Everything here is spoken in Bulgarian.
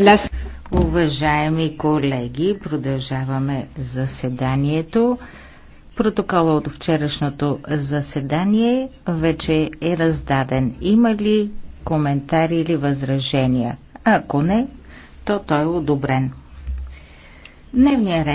Лас. Уважаеми колеги, продължаваме заседанието. Протокола от вчерашното заседание вече е раздаден. Има ли коментари или възражения? Ако не, то той е одобрен. Дневният ред